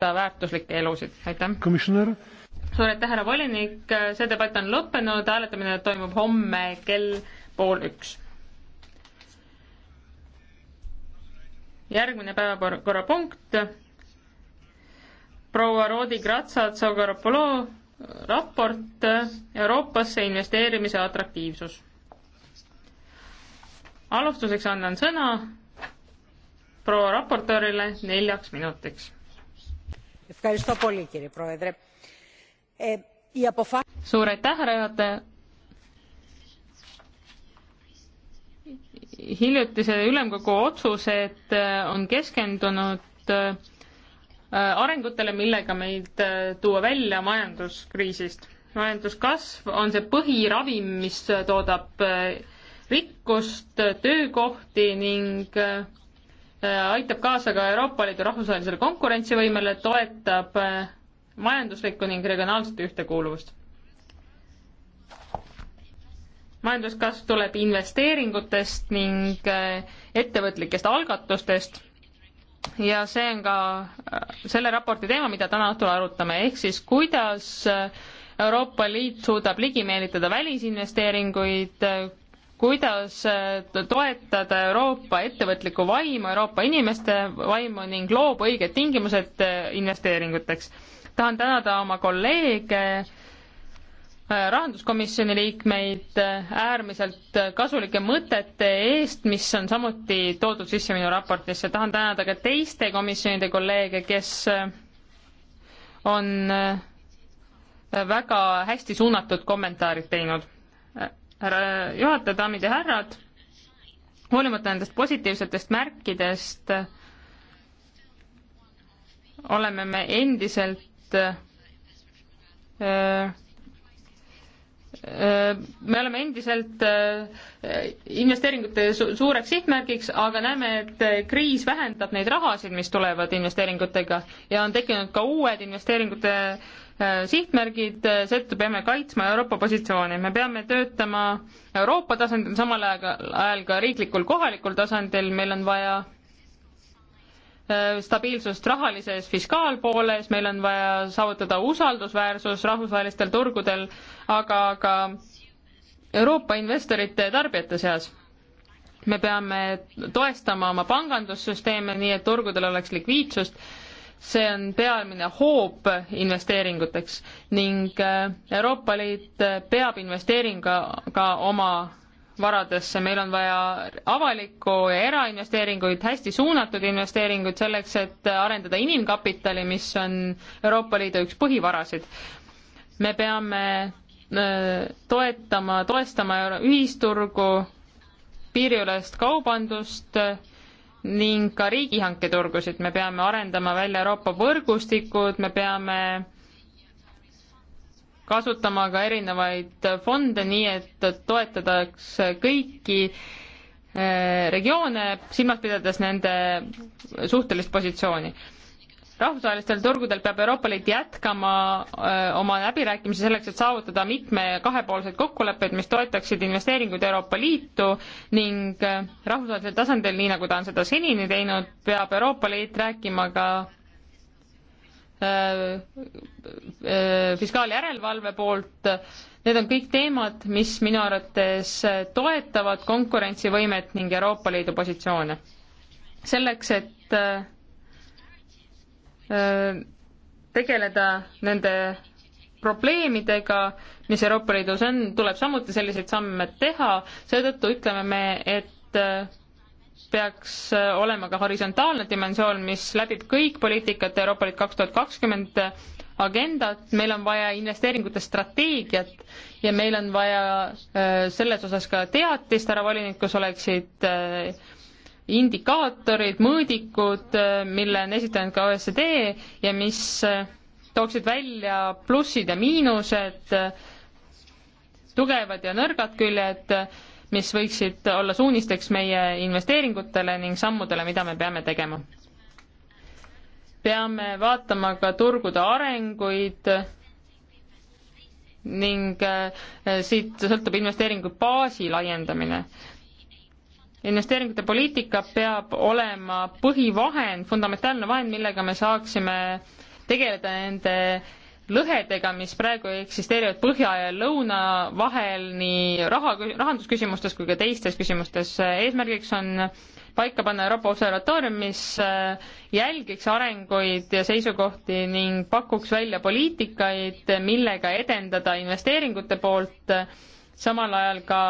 väärtuslikke elusid, aitäh. suur aitäh, härra volinik, see debatt on lõppenud, hääletamine toimub homme kell pool üks. järgmine päevakorrapunkt, proua Roodi Gratsa-Tsogoropolo raport Euroopasse investeerimise atraktiivsus. alustuseks annan sõna proua raportöörile neljaks minutiks suur aitäh, härra juhataja. hiljutise ülemkogu otsused äh, on keskendunud äh, arengutele, millega meid äh, tuua välja majanduskriisist. majanduskasv on see põhiravim, mis toodab rikkust, töökohti ning Äh, aitab kaasa ka Euroopa Liidu rahvusvahelisele konkurentsivõimele, toetab äh, majanduslikku ning regionaalset ühtekuuluvust. majanduskasv tuleb investeeringutest ning äh, ettevõtlikest algatustest ja see on ka selle raporti teema, mida täna õhtul arutame, ehk siis kuidas Euroopa Liit suudab ligi meelitada välisinvesteeringuid, kuidas äh, toetada Euroopa ettevõtlikku vaimu, Euroopa inimeste vaimu ning loob õiged tingimused äh, investeeringuteks. tahan tänada oma kolleege, äh, rahanduskomisjoni liikmeid äärmiselt kasulike mõtete eest, mis on samuti toodud sisse minu raportisse. tahan tänada ka teiste komisjonide kolleege, kes on väga hästi suunatud kommentaarid teinud härra juhataja, daamid ja härrad, hoolimata nendest positiivsetest märkidest oleme me endiselt öö, äh, me oleme endiselt eh, investeeringute suureks sihtmärgiks, aga näeme, et kriis vähendab neid rahasid, mis tulevad investeeringutega ja on tekkinud ka uued investeeringute eh, sihtmärgid, seetõttu peame kaitsma Euroopa positsiooni, me peame töötama Euroopa tasandil, samal ajal ka riiklikul, kohalikul tasandil, meil on vaja Äh, stabiilsust rahalises fiskaalpooles, meil on vaja saavutada usaldusväärsus rahvusvahelistel turgudel, aga ka Euroopa investorite ja tarbijate seas. me peame toestama oma pangandussüsteeme nii, et turgudel oleks likviidsust, see on peamine hoob investeeringuteks ning äh, Euroopa Liit äh, peab investeeringuga oma varadesse, meil on vaja avalikku ja erainvesteeringuid, hästi suunatud investeeringuid selleks, et arendada inimkapitali, mis on Euroopa Liidu üks põhivarasid. me peame äh, toetama, toestama ühisturgu, piiriülest kaubandust äh, ning ka riigihanketurgusid, me peame arendama välja Euroopa võrgustikud, me peame kasutama ka erinevaid fonde, nii et toetataks kõiki eh, regioone, silmas pidades nende suhtelist positsiooni. rahvusvahelistel turgudel peab Euroopa Liit jätkama öö, eh, oma läbirääkimisi selleks, et saavutada mitme kahepoolseid kokkuleppeid, mis toetaksid investeeringuid Euroopa Liitu ning eh, rahvusvahelisel tasandil, nii nagu ta on seda senini teinud, peab Euroopa Liit rääkima ka Äh, äh, fiskaaljärelevalve poolt. Need on kõik teemad, mis minu arvates toetavad konkurentsivõimet ning Euroopa Liidu positsioone. selleks, et äh, tegeleda nende probleemidega, mis Euroopa Liidus on, tuleb samuti selliseid samme teha, seetõttu ütleme me, et peaks äh, olema ka horisontaalne dimensioon, mis läbib kõik poliitikat Euroopa Liit kaks tuhat kakskümmend agendat, meil on vaja investeeringute strateegiat ja meil on vaja äh, selles osas ka teatist, härra volinik, kus oleksid äh, indikaatorid, mõõdikud, mille on esitanud ka OECD ja mis tooksid välja plussid ja miinused, tugevad ja nõrgad küljed mis võiksid olla suunisteks meie investeeringutele ning sammudele, mida me peame tegema. peame vaatama ka turgude arenguid ning äh, siit sõltub investeeringu baasi laiendamine. investeeringute poliitika peab olema põhivahend, fundamentaalne vahend, millega me saaksime tegeleda nende lõhedega, mis praegu eksisteerivad põhja ja lõuna vahel nii raha, rahandusküsimustes kui ka teistes küsimustes. eesmärgiks on paika panna Euroopa observatoorium, mis äh, jälgiks arenguid ja seisukohti ning pakuks välja poliitikaid, millega edendada investeeringute poolt, samal ajal ka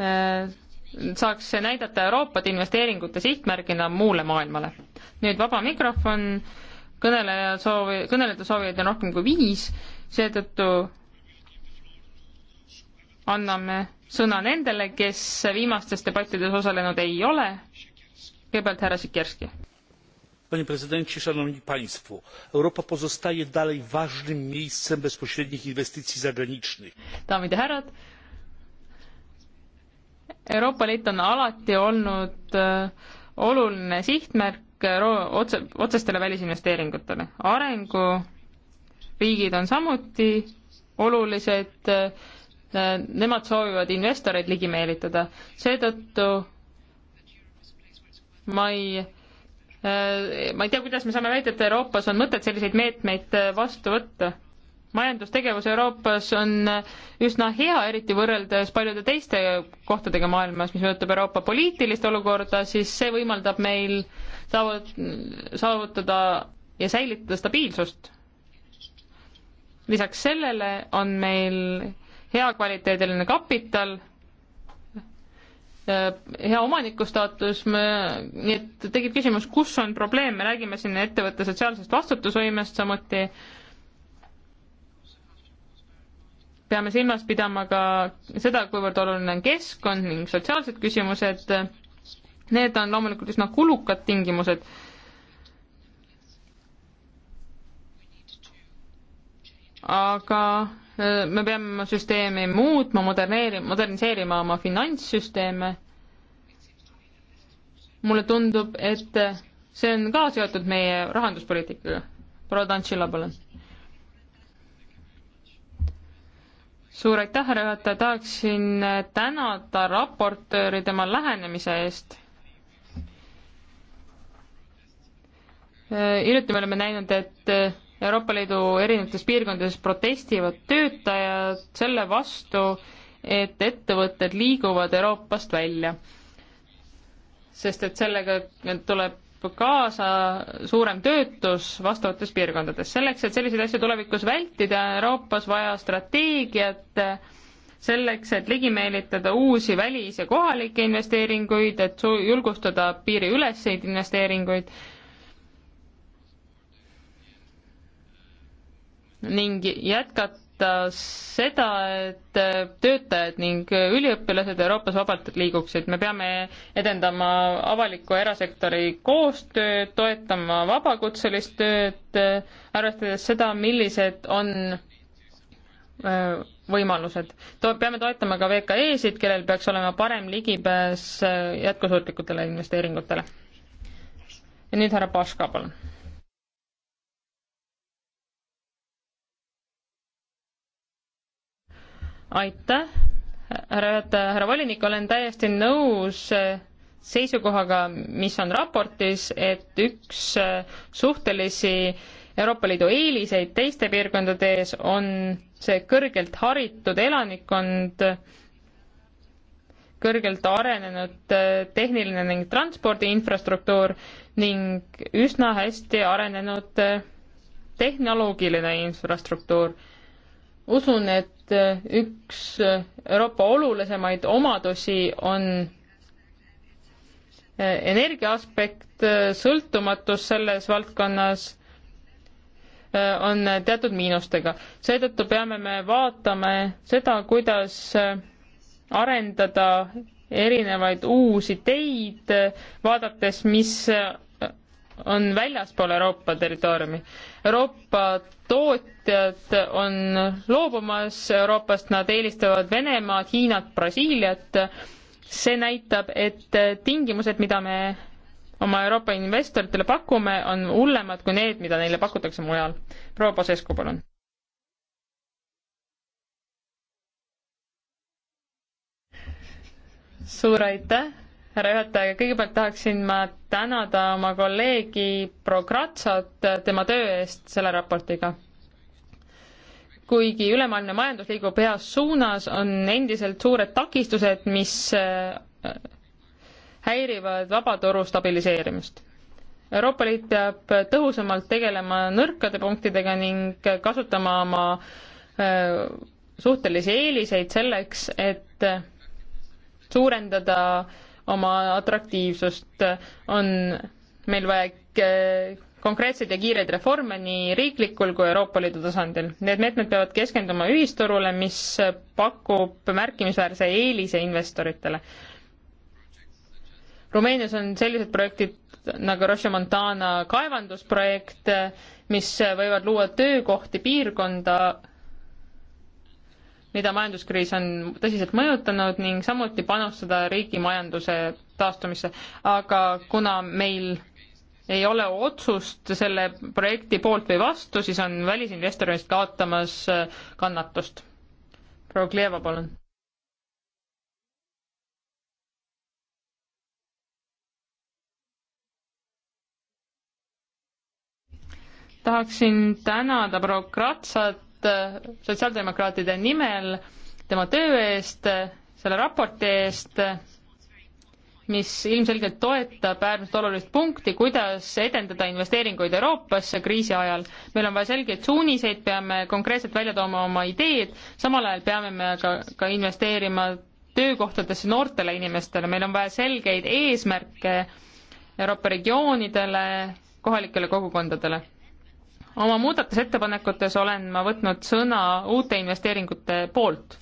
äh, saaks näidata Euroopat investeeringute sihtmärgina muule maailmale. nüüd vaba mikrofon kõneleja soovi, kõneleda soovijaid on rohkem kui viis, seetõttu anname sõna nendele, kes viimastes debattides osalenud ei ole. kõigepealt härra Sikerski. Panie prezydencie, szanowni państwo, Euroopa pozostaje dalej ważnym miejscem bezpośrednich inwestycji zagranicznych. daamid ja härrad, Euroopa Liit on alati olnud äh, oluline sihtmärk otse, otsestele välisinvesteeringutele. arenguriigid on samuti olulised, nemad soovivad investoreid ligi meelitada, seetõttu ma ei ma ei tea, kuidas me saame väita, et Euroopas on mõtet selliseid meetmeid vastu võtta majandustegevus Euroopas on üsna hea, eriti võrreldes paljude teiste kohtadega maailmas, mis mõjutab Euroopa poliitilist olukorda, siis see võimaldab meil saavut-, saavutada ja säilitada stabiilsust. lisaks sellele on meil heakvaliteediline kapital, hea omaniku staatus, nii et tekib küsimus, kus on probleem, me räägime siin ettevõtte sotsiaalsest vastutusvõimest, samuti äh, peame silmas pidama ka seda, kuivõrd oluline on keskkond ning sotsiaalsed küsimused. Need on loomulikult üsna kulukad tingimused. aga äh, me peame oma süsteemi muutma, moderneerima, moderniseerima oma finantssüsteeme. mulle tundub, et see on ka seotud meie rahanduspoliitikaga. proua Tantšila, palun suur aitäh, härra juhataja, tahaksin tänada raportööri tema lähenemise eest. hiljuti me oleme näinud, et Euroopa Liidu erinevates piirkondades protestivad töötajad selle vastu, et ettevõtted liiguvad Euroopast välja. sest et sellega tuleb toob kaasa suurem töötus vastavates piirkondades. selleks, et selliseid asju tulevikus vältida, on Euroopas vaja strateegiat selleks, et ligi meelitada uusi välis- ja kohalikke investeeringuid, et julgustada piiriüleseid investeeringuid ning jätkata võimalda seda, et töötajad ning üliõpilased Euroopas vabalt liiguksid. me peame edendama avaliku ja erasektori koostööd, toetama vabakutselist tööd, arvestades seda, millised on võimalused. peame toetama ka VKE-sid, kellel peaks olema parem ligipääs jätkusuutlikutele investeeringutele. ja nüüd härra Paška, palun aitäh, härra juhataja, härra volinik, olen täiesti nõus eh, seisukohaga, mis on raportis, et üks eh, suhtelisi Euroopa Liidu eeliseid teiste piirkondade ees on see kõrgelt haritud elanikkond, kõrgelt arenenud eh, tehniline ning transpordi infrastruktuur ning üsna hästi arenenud tehnoloogiline infrastruktuur. usun, et et eh, üks eh, Euroopa olulisemaid omadusi on eh, energia aspekt, sõltumatus selles valdkonnas on teatud miinustega. seetõttu peame me vaatama seda, kuidas arendada erinevaid uusi teid, vaadates, mis on väljaspool Euroopa territooriumi. Euroopa tootjad on loobumas Euroopast, nad eelistavad Venemaad, Hiinat, Brasiiliat. see näitab, et tingimused, mida me oma Euroopa investoritele pakume, on hullemad kui need, mida neile pakutakse mujal. proua Pasescu, palun. suur aitäh härra juhataja, kõigepealt tahaksin ma tänada oma kolleegi Progratsat tema töö eest selle raportiga. kuigi ülemaailmne majandus liigub heas suunas, on endiselt suured takistused, mis äh, häirivad vabaturu stabiliseerimist. Euroopa Liit peab tõhusamalt tegelema nõrkade punktidega ning kasutama oma äh, suhtelisi eeliseid selleks, et suurendada äh, oma atraktiivsust, on meil vaja konkreetseid ja kiireid reforme nii riiklikul kui Euroopa Liidu tasandil. Need meetmed peavad keskenduma ühisturule, mis pakub märkimisväärse eelise investoritele. Rumeenias on sellised projektid nagu Roche Montana kaevandusprojekt, mis võivad luua töökohti piirkonda mida majanduskriis on tõsiselt mõjutanud ning samuti panustada riigi majanduse taastumisse. aga kuna meil ei ole otsust selle projekti poolt või vastu, siis on välisinvestorist kaotamas äh, kannatust. proua Kleeva, palun. tahaksin tänada proua Kratsat Äh, sotsiaaldemokraatide nimel tema töö eest, selle raporti eest, mis ilmselgelt toetab äärmiselt olulist punkti, kuidas edendada investeeringuid Euroopasse kriisi ajal. meil on vaja selgeid suuniseid, peame konkreetselt välja tooma oma ideed, samal ajal peame me aga ka, ka investeerima töökohtadesse noortele inimestele, meil on vaja selgeid eesmärke Euroopa regioonidele, kohalikele kogukondadele oma muudatusettepanekutes olen ma võtnud sõna uute investeeringute poolt.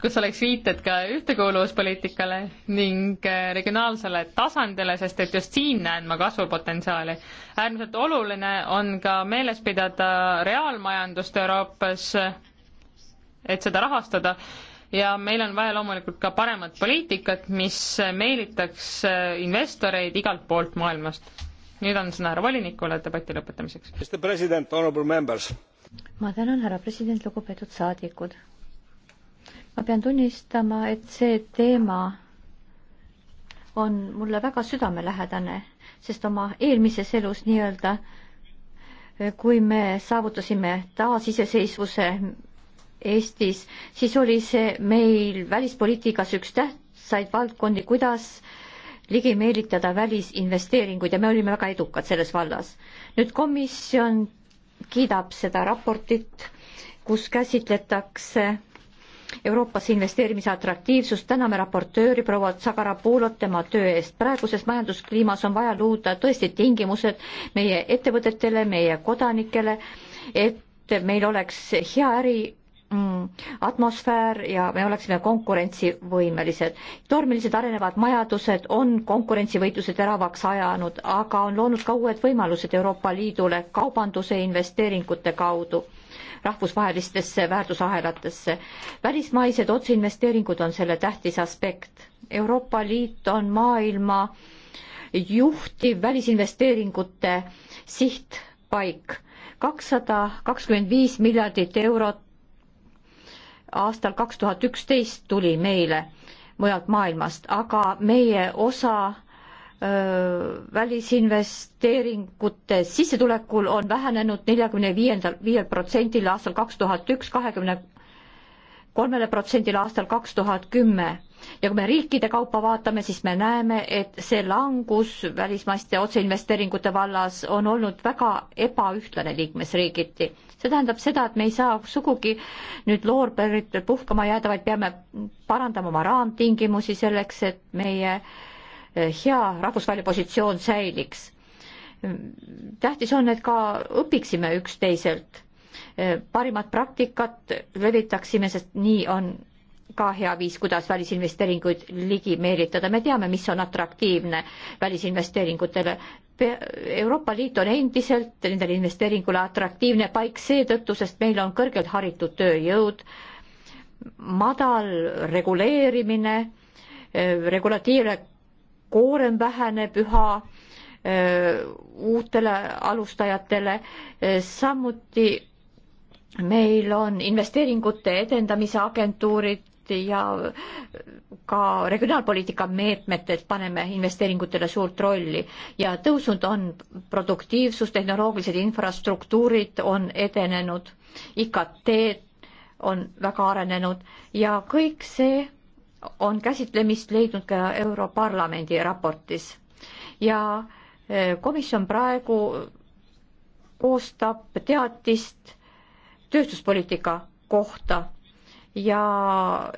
kus oleks viited ka ühtekuuluvuspoliitikale ning äh, regionaalsele tasandile, sest et just siin näen ma kasvupotentsiaali. äärmiselt oluline on ka meeles pidada reaalmajandust Euroopas, et seda rahastada ja meil on vaja loomulikult ka paremat poliitikat, mis meelitaks äh, investoreid igalt poolt maailmast. nüüd on sõna härra volinikule debati lõpetamiseks. ma tänan, härra president, lugupeetud saadikud. ma pean tunnistama, et see teema on mulle väga südamelähedane, sest oma eelmises elus nii-öelda kui me saavutasime taasiseseisvuse Eestis, siis oli see meil välispoliitikas üks tähtsaid valdkondi, kuidas ligi meelitada välisinvesteeringuid ja me olime väga edukad selles vallas. nüüd komisjon kiidab seda raportit, kus käsitletakse Euroopasse investeerimise atraktiivsust, täname raportööri proua Tsagarapuulot tema töö eest. praeguses majanduskliimas on vaja luuda tõesti tingimused meie ettevõtetele, meie kodanikele, et meil oleks hea äri Mm, atmosfäär ja me oleksime konkurentsivõimelised. tormilised arenevad majandused on konkurentsivõitluse teravaks ajanud, aga on loonud ka uued võimalused Euroopa Liidule kaubanduse investeeringute kaudu rahvusvahelistesse väärtusahelatesse. välismaised otseinvesteeringud on selle tähtis aspekt. Euroopa Liit on maailma juhtiv välisinvesteeringute sihtpaik. kakssada kakskümmend viis miljardit eurot aastal kaks tuhat üksteist tuli meile mujalt maailmast, aga meie osa välisinvesteeringute sissetulekul on vähenenud neljakümne viiendal, viiel protsendil aastal kaks tuhat üks, kahekümne kolmele protsendile aastal kaks tuhat kümme ja kui me riikide kaupa vaatame, siis me näeme, et see langus välismaiste otseinvesteeringute vallas on olnud väga ebaühtlane liikmesriigiti. see tähendab seda, et me ei saa sugugi nüüd loorberitel puhkama jääda, vaid peame parandama oma raamtingimusi selleks, et meie eh, hea rahvusvaheline positsioon säiliks. tähtis on, et ka õpiksime üksteiselt eh, parimat praktikat levitaksime, sest nii on ka hea viis, kuidas välisinvesteeringuid ligi meelitada, me teame, mis on atraktiivne välisinvesteeringutele. Euroopa Liit on endiselt nendele investeeringule atraktiivne paik seetõttu, sest meil on kõrgelt haritud tööjõud, madal reguleerimine, eh, regulatiivne koorem väheneb üha eh, uutele alustajatele, eh, samuti meil on investeeringute edendamise agentuurid, samuti ja äh, ka regionaalpoliitika meetmetes paneme investeeringutele suurt rolli ja tõusnud on produktiivsus, tehnoloogilised infrastruktuurid on edenenud, IKT on väga arenenud ja kõik see on käsitlemist leidnud ka Europarlamendi raportis ja äh, komisjon praegu koostab teatist tööstuspoliitika kohta ja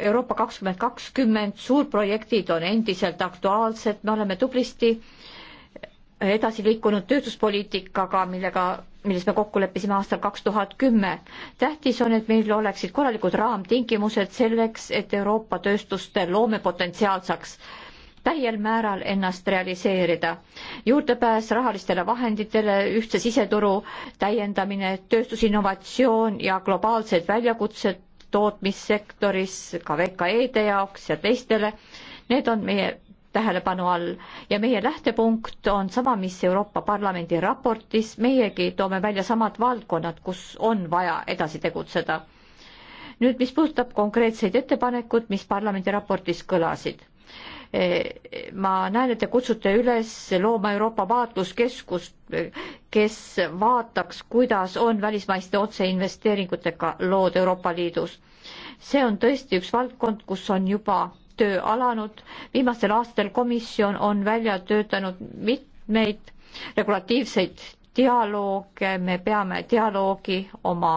Euroopa kakskümmend kakskümmend suurprojektid on endiselt aktuaalsed, me oleme tublisti edasi liikunud tööstuspoliitikaga, millega, milles me kokku leppisime aastal kaks tuhat kümme. tähtis on, et meil oleksid korralikud raamtingimused selleks, et Euroopa tööstuste loomepotentsiaal saaks täiel määral ennast realiseerida. juurdepääs rahalistele vahenditele, ühtse siseturu täiendamine, tööstusinnovatsioon ja globaalsed väljakutsed tootmissektoris ka VKE-de jaoks ja teistele. Need on meie tähelepanu all ja meie lähtepunkt on sama, mis Euroopa Parlamendi raportis, meiegi toome välja samad valdkonnad, kus on vaja edasi tegutseda. nüüd, mis puudutab konkreetseid ettepanekud, mis parlamendi raportis kõlasid. Eh, ma näen, et te kutsute üles looma Euroopa vaatluskeskust, kes vaataks, kuidas on välismaiste otseinvesteeringutega lood Euroopa Liidus. see on tõesti üks valdkond, kus on juba töö alanud, viimastel aastatel komisjon on välja töötanud mitmeid regulatiivseid dialoog, me peame dialoogi oma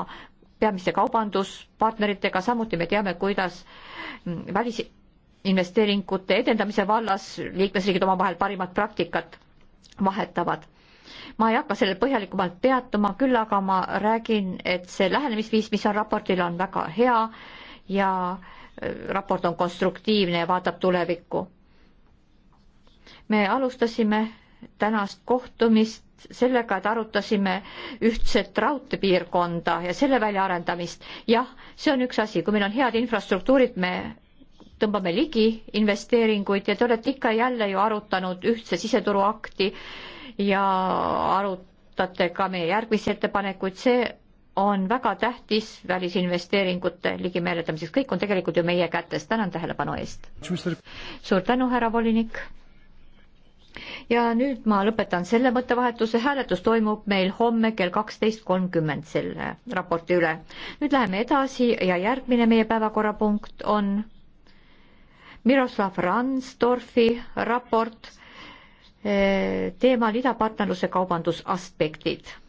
peamiste kaubanduspartneritega, samuti me teame, kuidas välisinvesteeringute edendamise vallas liikmesriigid omavahel parimat praktikat vahetavad ma ei hakka sellel põhjalikumalt peatuma, küll aga ma räägin, et see lähenemisviis, mis on raportil, on väga hea ja äh, raport on konstruktiivne ja vaatab tulevikku. me alustasime tänast kohtumist sellega, et arutasime ühtset raudteepiirkonda ja selle väljaarendamist. jah, see on üks asi, kui meil on head infrastruktuurid, me tõmbame ligi investeeringuid ja te olete ikka jälle ju arutanud ühtse siseturu akti ja arutate ka meie järgmisi ettepanekuid, see on väga tähtis välisinvesteeringute ligimeeletamiseks, kõik on tegelikult ju meie kätes, tänan tähelepanu eest. suur tänu, härra volinik. ja nüüd ma lõpetan selle mõttevahetuse, hääletus toimub meil homme kell kaksteist kolmkümmend selle raporti üle. nüüd läheme edasi ja järgmine meie päevakorrapunkt on Miroslav Ransdorfi raport Eh, teemal idapartnerluse kaubandusaspektid